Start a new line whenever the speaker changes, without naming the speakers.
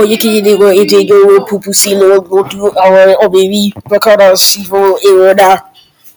Oyèkéyìde wọ èdè Yorùbá, Pupi sì lo gbogbo àwọn ọ̀bẹ̀rẹ̀ bákan náà sì fún irun náà.